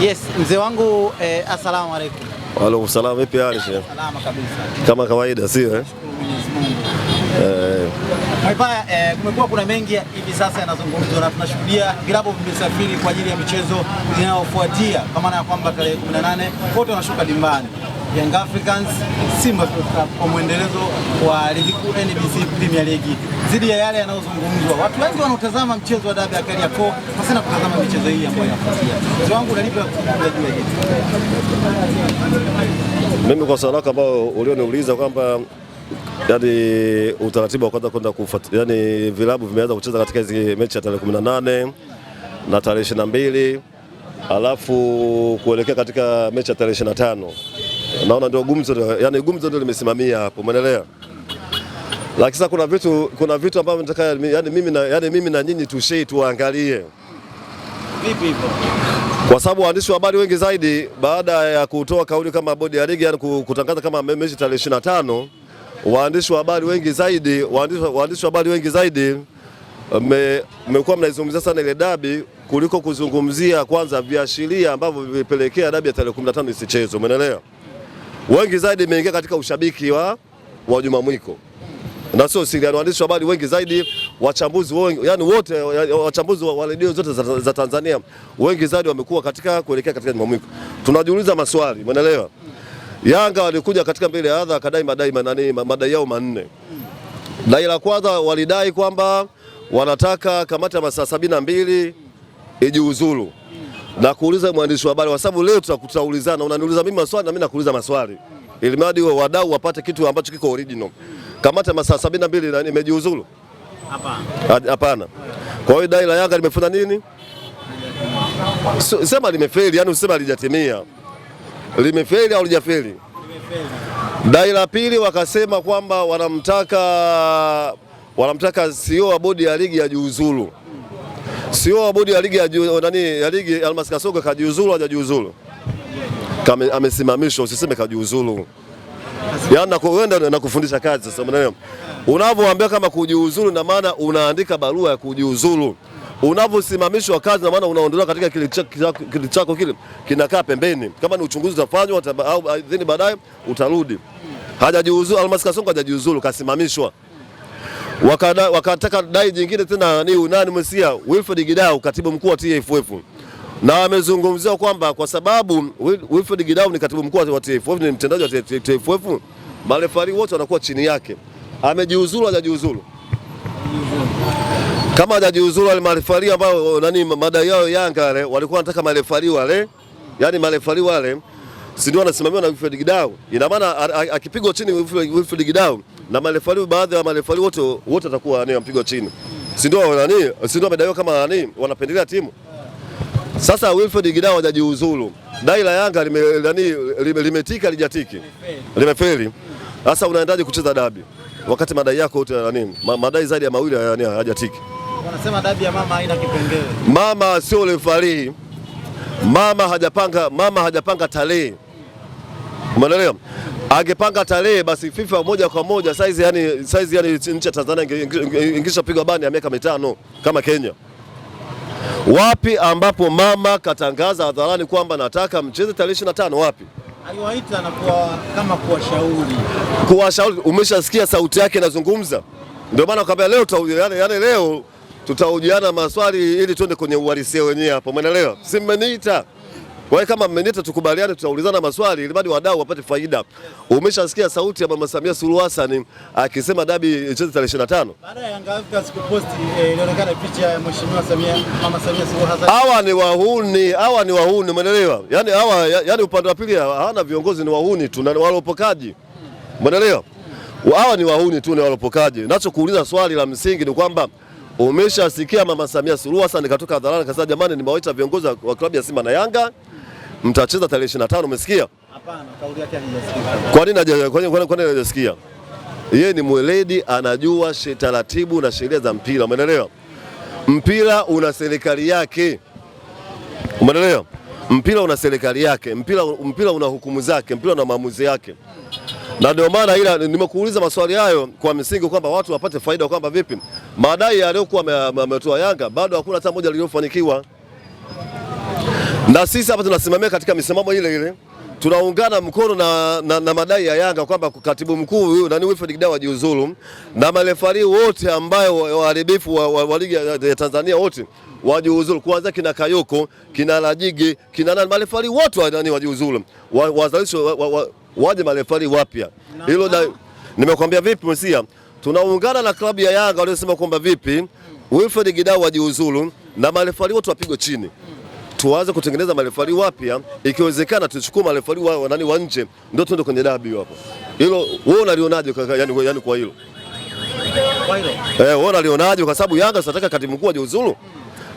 Yes, mzee wangu eh, asalamu alaykum. Waalaikum salaam, vipi hali shehe? Salama kabisa. Kama kawaida sio eh? Eh. eh, kumekuwa kuna mengi hivi sasa yanazungumzwa na tunashuhudia vilabu vimesafiri kwa ajili ya michezo inayofuatia, kwa maana ya kwamba tarehe 18 wote wanashuka dimbani. Young Africans, Simba Sports Club kwa mwendelezo wa ligi kuu NBC Premier League dhidi ya yale yanayozungumzwa. Watu wengi wanaotazama mchezo wa dabi ya Kariakoo hasana kutazama michezo hii ambayo inafuatia. Mzee wangu unalipa kuzungumza juu ya Mimi kwa saraka ambayo ulioniuliza kwamba yani utaratibu wa kwanza kwenda kufuata, yani vilabu vimeanza kucheza katika hizi mechi ya tarehe 18 na tarehe 22 alafu kuelekea katika mechi ya tarehe 25 naona ndio gumzo, yani gumzo ndio limesimamia hapo, umeelewa? Lakini sasa kuna vitu, kuna vitu ambavyo nataka yani mimi na, yani mimi na nyinyi tushei tuangalie vipi hivyo, kwa sababu waandishi wa habari wengi zaidi baada ya kutoa kauli kama bodi ya ligi yani kutangaza kama mechi tarehe 25 waandishi wa habari wengi zaidi waandishi wa habari wengi zaidi mmekuwa mnaizungumzia sana ile dabi kuliko kuzungumzia kwanza viashiria ambavyo vilipelekea dabi ya tarehe 15 isichezwe, umeelewa? wengi zaidi imeingia katika ushabiki wa, wa Jumamwiko na sio siri, yaani waandishi wa habari wengi zaidi, wachambuzi wengi, yani wote wachambuzi wa redio zote za, za Tanzania wengi zaidi wamekuwa katika kuelekea katika Jumamwiko. Tunajiuliza maswali, umeelewa? Yanga walikuja katika mbele ya adha akadai madai manani, madai yao manne. Dai la kwanza walidai kwamba wanataka kamati ya masaa sabini na mbili ijiuzulu na kuuliza mwandishi wa habari, kwa sababu leo tutakutaulizana, unaniuliza mimi maswali na mimi nakuuliza maswali, ili mradi wa wadau wapate kitu ambacho kiko original. Kamata masaa sabini na mbili imejiuzulu? Hapana. Kwa hiyo dai la Yanga limefuna nini? Sema limefeli, yani usema lijatimia Limefeli au lijafeli? Dai la pili wakasema kwamba wanamtaka wanamtaka CEO wa bodi ya ligi ya juuzuru Sio bodi ya ligi ya nani ya ligi Almas Kasoga kajiuzulu, hajajiuzulu, Kama amesimamishwa usiseme kajiuzuru. Yaani nakwenda na kufundisha kazi sasa unaelewa. Unavyoambia kama kujiuzuru na maana unaandika barua ya kujiuzuru. Unavyosimamishwa kazi na maana unaondolewa katika kile chako kile kinakaa pembeni. Kama ni uchunguzi utafanywa au baadaye utarudi. Hajajiuzulu Almas Kasongo kasimamishwa wakataka dai jingine tena ni unani mwesia Wilfred Gidau, katibu mkuu wa TFF, na amezungumzia kwamba kwa sababu Wilfred Gidau ni katibu mkuu wa TFF, ni mtendaji wa TFF, marefari wote wanakuwa chini yake. Amejiuzuru hajajiuzuru? Kama hajajiuzuru wale marefari ambao nani madai yao Yanga wale walikuwa wanataka marefari wale, yani marefari wale si ndio wanasimamiwa na Wilfred Gidau, ina maana akipigwa chini Wilfred Gidau na marefali baadhi ya marefali wote wote watakuwa ni mpigo chini, si ndio? Nani si ndio wamedaiwa kama nani wanapendelea timu. Sasa Wilfred Gidao hajajiuzuru, dai la Yanga limetika lijatiki limefeli. Sasa unaendaje kucheza dabi wakati madai yako yote nani, madai zaidi ya mawili yani hajatiki? Wanasema dabi ya mama haina kipengele. Mama sio refari, mama hajapanga, mama hajapanga tarehe, umeelewa? angepanga tarehe basi FIFA moja kwa moja size, yani size, yani nchi ya Tanzania ingishapigwa bani ya miaka mitano kama Kenya. Wapi ambapo mama katangaza hadharani kwamba nataka mcheze tarehe 25? Wapi aliwaita na kuwa kama kuwashauri, kuwashauri. Umeshasikia sauti yake inazungumza, ndio maana akambia leo tutahojiana, yani leo tutaujiana maswali ili tuende kwenye uhalisia wenyewe hapo, umeelewa? Si mmeniita kwa hiyo kama mmenita tukubaliane, tutaulizana maswali ili bado wadau wapate faida. Umeshasikia sauti ya Mama Samia Suluhu Hassan akisema dabi icheze tarehe 25. Baada ya Yanga Africans kupost eh, ilionekana picha ya Mheshimiwa Samia, Mama Samia Suluhu Hassan. Hawa ni wahuni, hawa ni wahuni, umeelewa? Yaani hawa yaani upande wa pili hawana viongozi ni wahuni tu na walopokaji. Umeelewa? Hawa ni wahuni tu ni walopokaji. Ninachokuuliza swali la msingi ni kwamba umeshasikia Mama Samia Suluhu Hassan katoka hadharani kasema, jamani, nimewaita viongozi wa klabu ya Simba na Yanga mtacheza tarehe 25, umesikia? Hapana, kauli yake haijasikia. Kwa nini Kwa nini hajasikia? Yeye ni mweledi, anajua taratibu na sheria za mpira, umeelewa? Mpira una serikali yake, umeelewa? Mpira una serikali yake, mpira, mpira una hukumu zake, mpira una maamuzi yake, na ndio maana ila nimekuuliza maswali hayo kwa msingi kwamba watu wapate faida, kwamba vipi madai yaliyokuwa ametoa Yanga bado hakuna hata moja lililofanikiwa na sisi hapa tunasimamia katika misimamo ile ile, tunaungana mkono na, na, na madai ya Yanga kwamba katibu mkuu huyu nani Wilfred Kidao wajiuzulu na marefari wote ambayo waharibifu wa, wa, wa ligi ya ya Tanzania wote wajiuzulu kuanzia kina Kayoko kina Lajigi kina nani marefari wote nani wajiuzulu wazalishwe wa, wa, wa, waje marefari wapya. Hilo da, nimekwambia vipi msia, tunaungana na klabu ya Yanga waliosema kwamba vipi hmm. Wilfred Kidao wajiuzulu na marefari wote wapigwe chini tuanze kutengeneza marefari wapya, ikiwezekana tuchukue marefari wa nani wa nje, ndio tuende kwenye dabi hapo. Hilo wewe unalionaje kaka? Yani, yani kwa hilo eh, wewe unalionaje? Kwa sababu Yanga tunataka katibu mkuu ajiuzuru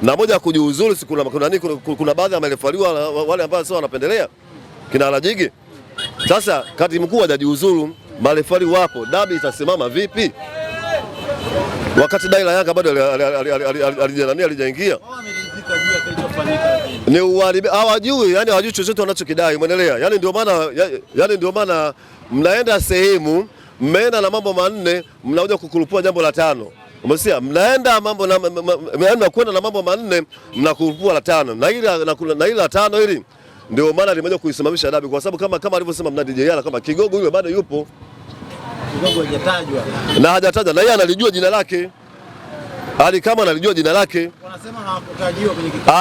na moja ya kujiuzuru, si kuna kuna, kuna, kuna baadhi ya marefari wale wale ambao sio wanapendelea kina Rajigi. Sasa katibu mkuu hajajiuzuru, marefari wapo, dabi itasimama vipi? wakati dai la Yanga bado alijaingia ni uharibifu, ah, hawajui yani, hawajui chochote wanachokidai, umeelewa? Yani ndio maana yani ndio maana mnaenda sehemu, mmeenda na mambo manne, mnakuja kukurupua jambo la tano. Umesikia? Mnaenda mambo na mnaenda kwenda na mambo manne, mnakurupua la tano, na ile na na ile la tano hili ndio maana limeja kuisimamisha dabi, kwa sababu kama kama alivyosema mnadi jeyala kama Kigogo yule bado yupo, Kigogo hajatajwa na hajatajwa na yeye analijua jina lake hadi kama analijua jina lake. Wanasema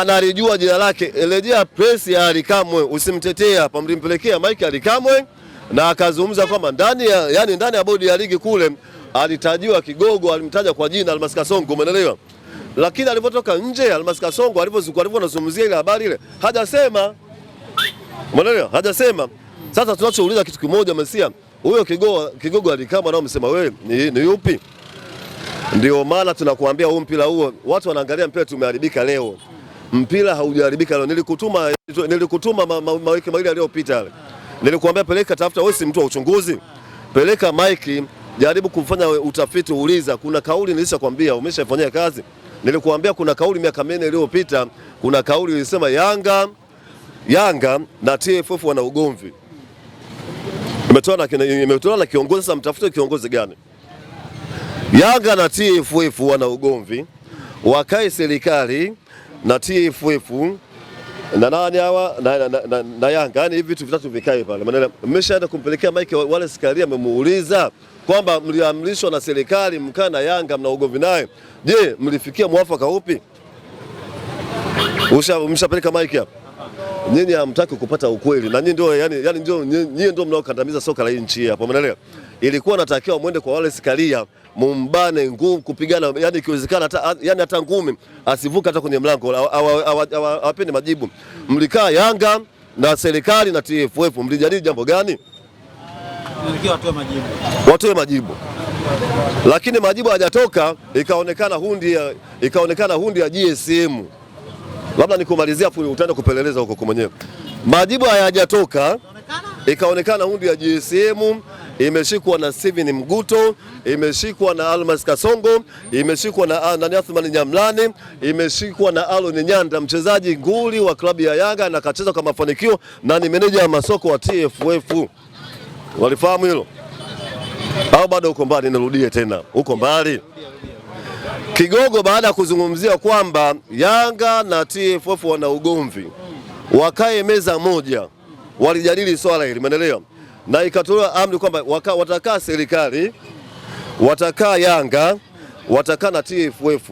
Analijua jina lake. Rejea press ya Ally Kamwe, usimtetee hapa, mlimpelekea Mike Ally Kamwe na akazungumza kwamba ndani ya yani ndani ya bodi ya ligi kule alitajiwa kigogo, alimtaja kwa jina Almas Kasongo, umeelewa? Lakini alipotoka nje Almas Kasongo alivyozuka alivyozungumzia ile habari ile hajasema, umeelewa? Hajasema. Sasa tunachouliza kitu kimoja, Mesia, huyo kigogo kigogo Ally Kamwe msema wewe ni, ni yupi? Ndio maana tunakuambia huu mpira huo, watu wanaangalia mpira tumeharibika leo. Mpira haujaharibika leo. Nilikutuma, nilikutuma mawiki mawili nilikuambia peleka, tafuta wewe, si mtu wa uchunguzi, peleka Mike, jaribu kufanya utafiti, uliza. Kuna kauli nilishakwambia, umeshafanyia kazi. Nilikuambia kuna kauli miaka minne iliyopita, kuna kauli ilisema Yanga Yanga na TFF wana ugomvi, imetoa na kiongozi. Sasa mtafute kiongozi gani? Yanga na TFF wana ugomvi, wakae serikali na TFF na nani hawa na, na, na, na, na Yanga, yani hivi vitu vitatu vikae pale. Maana mmeshaenda kumpelekea Mike wale sikaria, amemuuliza kwamba mliamrishwa na serikali mkaa na Yanga, mna ugomvi naye. Je, mlifikia mwafaka upi? Mshapeleka Mike hapa nyinyi hamtaki kupata ukweli na nyinyi ndio yani, yani ndio nyinyi ndio mnaokandamiza soka la nchi hapa, umeelewa? ilikuwa natakiwa mwende kwa wale sikalia mumbane nguvu kupigana, yani ikiwezekana hata yani hata ngumi asivuka hata kwenye mlango, awapende majibu. Mlikaa Yanga na serikali na TFF mlijadili jambo gani? Watoe majibu, watoe majibu, lakini majibu hajatoka, ikaonekana hundi ya ikaonekana hundi ya GSM. Labda nikumalizia fuli, utaenda kupeleleza huko mwenyewe. Majibu hayajatoka, ikaonekana hundi ya GSM imeshikwa na Steven Mguto, imeshikwa na Almas Kasongo, imeshikwa na ah, Athman Nyamlani, imeshikwa na Alon Nyanda, mchezaji nguli wa klabu ya Yanga na kacheza kwa mafanikio na ni meneja wa masoko wa TFF. Walifahamu hilo au bado uko mbali? Nirudie tena, uko mbali kigogo. Baada ya kuzungumzia kwamba Yanga na TFF wana ugomvi, wakae meza moja, walijadili swala hili, umeelewa? na ikatolewa amri kwamba watakaa serikali, watakaa Yanga, watakaa na TFF.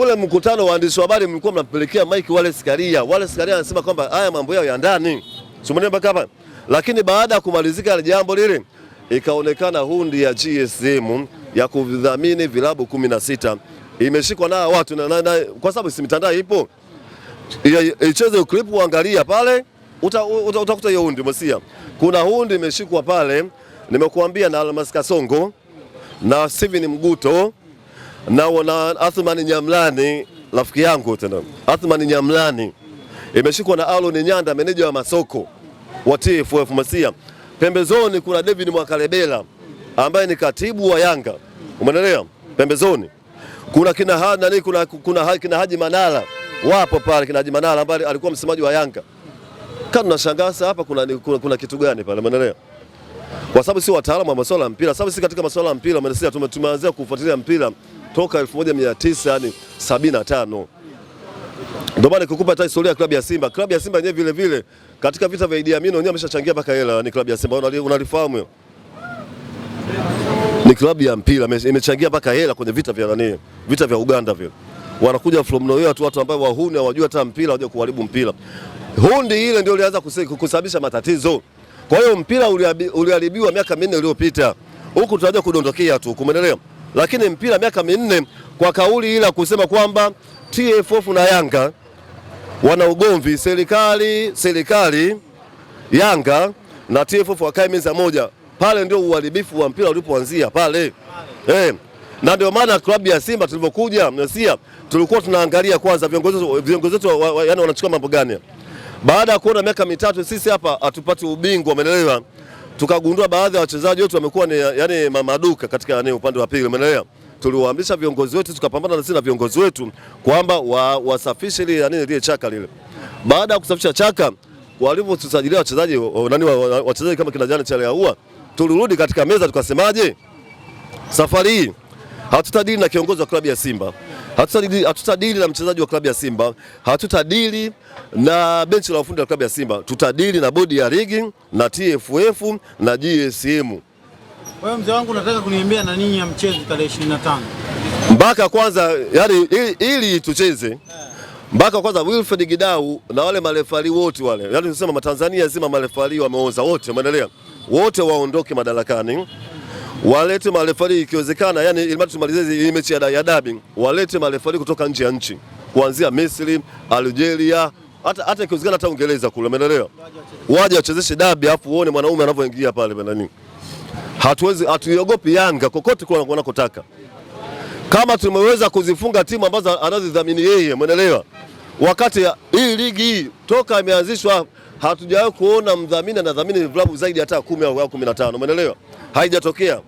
Ule mkutano waandishi wa habari mlikuwa mnampelekea Mike Wallace Karia. Wallace Karia anasema kwamba haya mambo yao ya ndani mpaka hapa, lakini baada ya kumalizika jambo lile ikaonekana hundi ya GSM ya kudhamini vilabu kumi na sita imeshikwa na watu na, na, na, kwa sababu si mitandao ipo, icheze clip uangalia pale utakuta uta, uta uta, uta, hiyo hundi mosia kuna hundi imeshikwa pale, nimekuambia na Almas Kasongo na Steven Mguto na wana Athmani Nyamlani, rafiki yangu tena Athmani Nyamlani, imeshikwa na Alon Nyanda, meneja wa masoko wa TFF Masia. Pembezoni kuna David Mwakalebela ambaye ni katibu wa Yanga, umeelewa? Pembezoni kuna kina, kuna, kuna, kuna, kina Haji Manara wapo pale, kina Haji Manara ambaye alikuwa msemaji wa Yanga kama tunashangaa hapa kuna, kuna, kuna kitu gani pale umeelewa? Kwa sababu si wataalamu wa masuala ya mpira, sababu si katika masuala ya mpira maana tumeanza kufuatilia mpira toka 1975. Ndio maana kukupa hata historia ya klabu ya Simba. Klabu ya Simba yenyewe vile vile katika vita vya Idi Amin wenyewe ameshachangia mpaka hela ni klabu ya Simba. Unalifahamu hiyo? Ni klabu ya mpira imechangia mpaka hela kwenye vita vya nani? Vita vya Uganda vile. Wanakuja from nowhere watu watu ambao wahuni hawajui hata mpira waje kuharibu mpira hundi ile ndio ilianza kusababisha matatizo. Kwa hiyo mpira uliharibiwa miaka minne iliyopita, huku tunaja kudondokea tu, kumendelea. Lakini mpira miaka minne kwa kauli ile kusema kwamba TFF na Yanga wana ugomvi, serikali serikali Yanga na TFF wakae meza moja, pale ndio uharibifu wa mpira ulipoanzia pale, eh na ndio maana klabu ya Simba tulivyokuja Mesia, tulikuwa tunaangalia kwanza viongozi wetu, yani wanachukua mambo gani. Baada ya kuona miaka mitatu sisi hapa hatupati ubingwa, umeelewa? Tukagundua baadhi ya wachezaji wetu wamekuwa ni yani mamaduka katika yani upande wa pili, umeelewa? Tuliwaamrisha viongozi wetu, tukapambana na sisi na viongozi wetu kwamba wa, wasafishe ile yani ile chaka lile. Baada ya kusafisha chaka, walivyotusajilia wachezaji nani wachezaji kama kina Jana Chalea huwa tulirudi katika meza tukasemaje, safari hii hatutadili na kiongozi wa klabu ya Simba hatutadili na mchezaji wa klabu ya Simba, hatutadili na benchi la ufundi la klabu ya Simba, tutadili na bodi ya ligi na TFF na GSM. Wewe mzee wangu unataka kuniambia na ninyi ya mchezo tarehe 25 mpaka kwanza, yani ili, ili tucheze mpaka kwanza Wilfred Gidau na wale marefari wote wale, yaani tunasema Matanzania zima marefari wameoza wote, umeendelea Wote waondoke madarakani walete marefari ikiwezekana, yani ili tumalize hii mechi ya dabi, walete marefari kutoka nje ya nchi, kuanzia Misri, Algeria, hata hata ikiwezekana hata Uingereza kule, umeelewa? Waje wachezeshe dabi, afu uone mwanaume anavyoingia pale bwana nini. Hatuwezi, hatuiogopi Yanga kokote kule wanakotaka, kama tumeweza kuzifunga timu ambazo anazidhamini yeye, umeelewa? Wakati hii ligi hii toka imeanzishwa hatujawahi kuona mdhamini anadhamini vilabu zaidi hata kumi au kumi na tano, umeelewa? Haijatokea.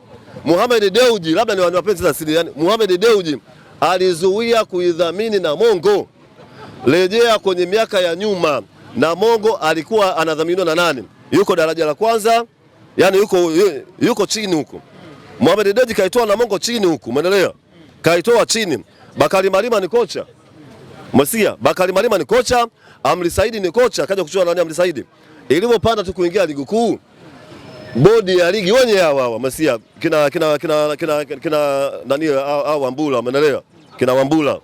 Mohamed Deuji, labda ni wapenzi za siri, yani Mohamed Deuji alizuia kuidhamini Namungo. Rejea kwenye miaka ya nyuma, Namungo alikuwa anadhaminiwa na nani? Yuko daraja la kwanza, yani yuko, yuko chini huko. Mohamed Deuji kaitoa Namungo chini huko, umeelewa? Kaitoa chini. Bakari Marima ni kocha Masikia, Bakari Marima ni kocha, Amri Saidi ni kocha, kaja kuchora nani Amri Saidi. Ilivyopanda tu kuingia ligi kuu bodi ya ligi wenye hawa hawa masia kina kina kina kina kina nani hawa Wambula, umeelewa? Kina Wambula,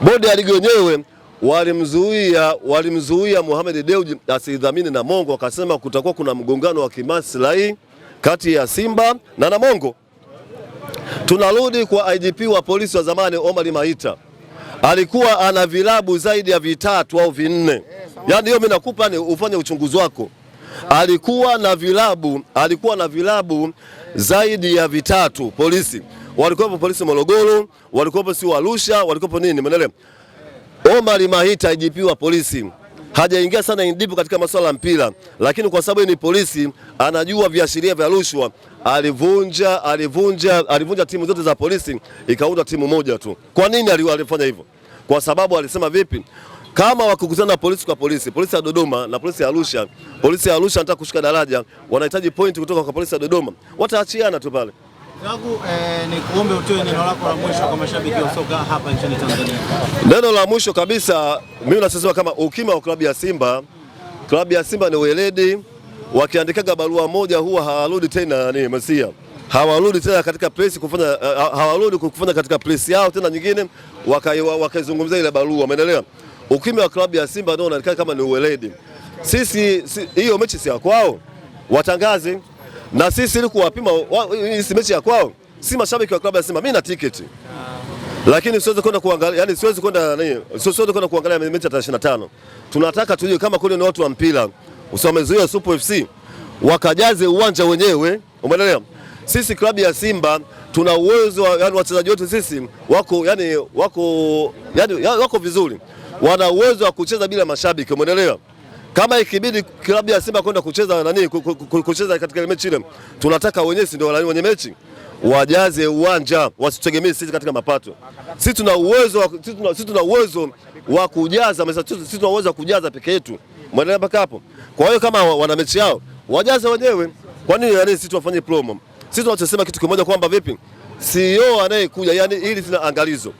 bodi ya ligi wenyewe walimzuia walimzuia Mohamed Dewji asidhamini Namongo, akasema kutakuwa kuna mgongano wa kimaslahi kati ya Simba na Namongo. Tunarudi kwa IGP wa polisi wa zamani Omar Maita, alikuwa ana vilabu zaidi ya vitatu au vinne. Yaani hiyo mimi nakupa ni ufanye uchunguzi wako alikuwa na vilabu, alikuwa na vilabu zaidi ya vitatu. Polisi walikuwepo, polisi Morogoro walikuwepo, si Arusha walikuwepo, nini, umeelewa? Omar Mahita IGP wa polisi hajaingia sana indipo katika masuala ya mpira, lakini kwa sababu ni polisi, anajua viashiria vya rushwa. Alivunja, alivunja, alivunja timu zote za polisi, ikaunda timu moja tu. Kwa nini alifanya hivyo? Kwa sababu alisema vipi, kama wakikutana polisi kwa polisi, polisi ya Dodoma na polisi ya Arusha, polisi ya Arusha anataka kushika daraja, wanahitaji point kutoka kwa polisi ya Dodoma, wataachiana tu pale. Ndugu, eh, ni kuombe utoe neno lako la mwisho kwa mashabiki wa soka hapa nchini Tanzania. Neno la mwisho kabisa, mimi nasema kama ukima wa klabu ya Simba, klabu ya Simba ni weledi, wakiandikaga barua moja huwa hawarudi tena, ni masia hawarudi tena katika press kufanya eh, hawarudi kufanya katika press yao tena nyingine, wakaizungumzia waka ile barua, umeelewa? Ukimya wa klabu ya Simba ndio unaonekana kama ni uweledi. Sisi hiyo si, mechi si ya kwao, watangaze na sisi ili kuwapima si mechi ya kwao. Si mashabiki wa klabu ya Simba, mimi na tiketi lakini siwezi kwenda kuangalia, yani siwezi kwenda nini, siwezi kwenda kuangalia mechi ya tarehe 25. Tunataka tujue kama kule ni watu wa mpira usiwamezuia Super FC wakajaze uwanja wenyewe, umeelewa? Sisi klabu ya Simba tuna uwezo, yani wachezaji wetu sisi wako, yani, wako, yani, wako vizuri wana uwezo wa kucheza bila mashabiki, umeelewa? Kama ikibidi klabu ya Simba kwenda kucheza nani, kucheza katika mechi ile, tunataka wenyewe ndio wenye mechi wajaze uwanja, wasitegemee sisi katika mapato. Sisi tuna uwezo, sisi tuna uwezo wa kujaza, sisi tuna uwezo wa kujaza peke yetu, mwendelea mpaka hapo. Kwa hiyo kama wana mechi yao wajaze wenyewe, kwa nini yani sisi tuwafanyie promo? Sisi tunachosema kitu kimoja kwamba vipi, CEO anayekuja yani, hili tuna angalizo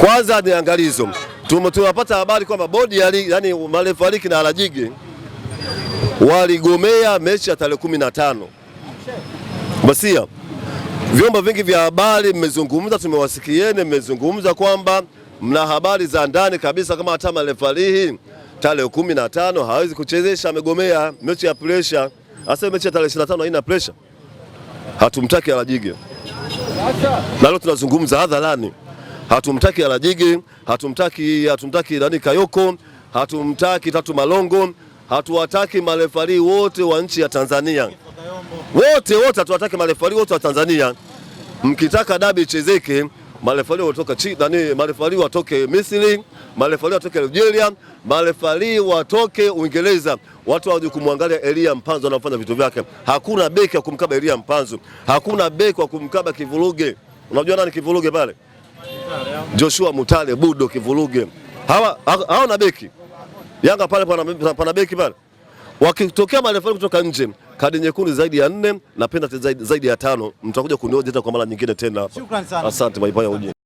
kwanza ni angalizo, tunapata habari kwamba bodi ya ligi yani marefariki na alajigi waligomea mechi ya tarehe kumi na tano. Basia, vyombo vingi vya habari mmezungumza, tumewasikieni, mmezungumza kwamba mna habari za ndani kabisa kama hata marefarihi tarehe kumi na tano hawezi kuchezesha, amegomea mechi ya presha, hasa mechi ya tarehe 25 haina presha. Hatumtaki alajigi, na tunazungumza hadharani. Hatumtaki Alajigi, hatumtaki hatumtaki nani Kayoko, hatumtaki Tatu Malongo, hatuwataki marefari wote wa nchi ya Tanzania, wote wote hatuwataki marefari wote wa Tanzania. Mkitaka dabi ichezeke marefari watoka chi, nani, marefari watoke Misri, marefari watoke Algeria, marefari watoke Uingereza. Watu waje kumwangalia Elia Mpanzo anafanya vitu vyake. Hakuna beki wa kumkaba Elia Mpanzo, hakuna beki wa kumkaba Kivuruge. Unajua nani Kivuruge pale? Joshua Mutale, Budo Kivuruge, hawa hao na beki Yanga pale pana, pana beki pale wakitokea marefa kutoka nje kadi nyekundu zaidi ya nne na zaidi, zaidi ya tano, mtakuja kunioja kwa mara nyingine tena. Asante, maipaya uje.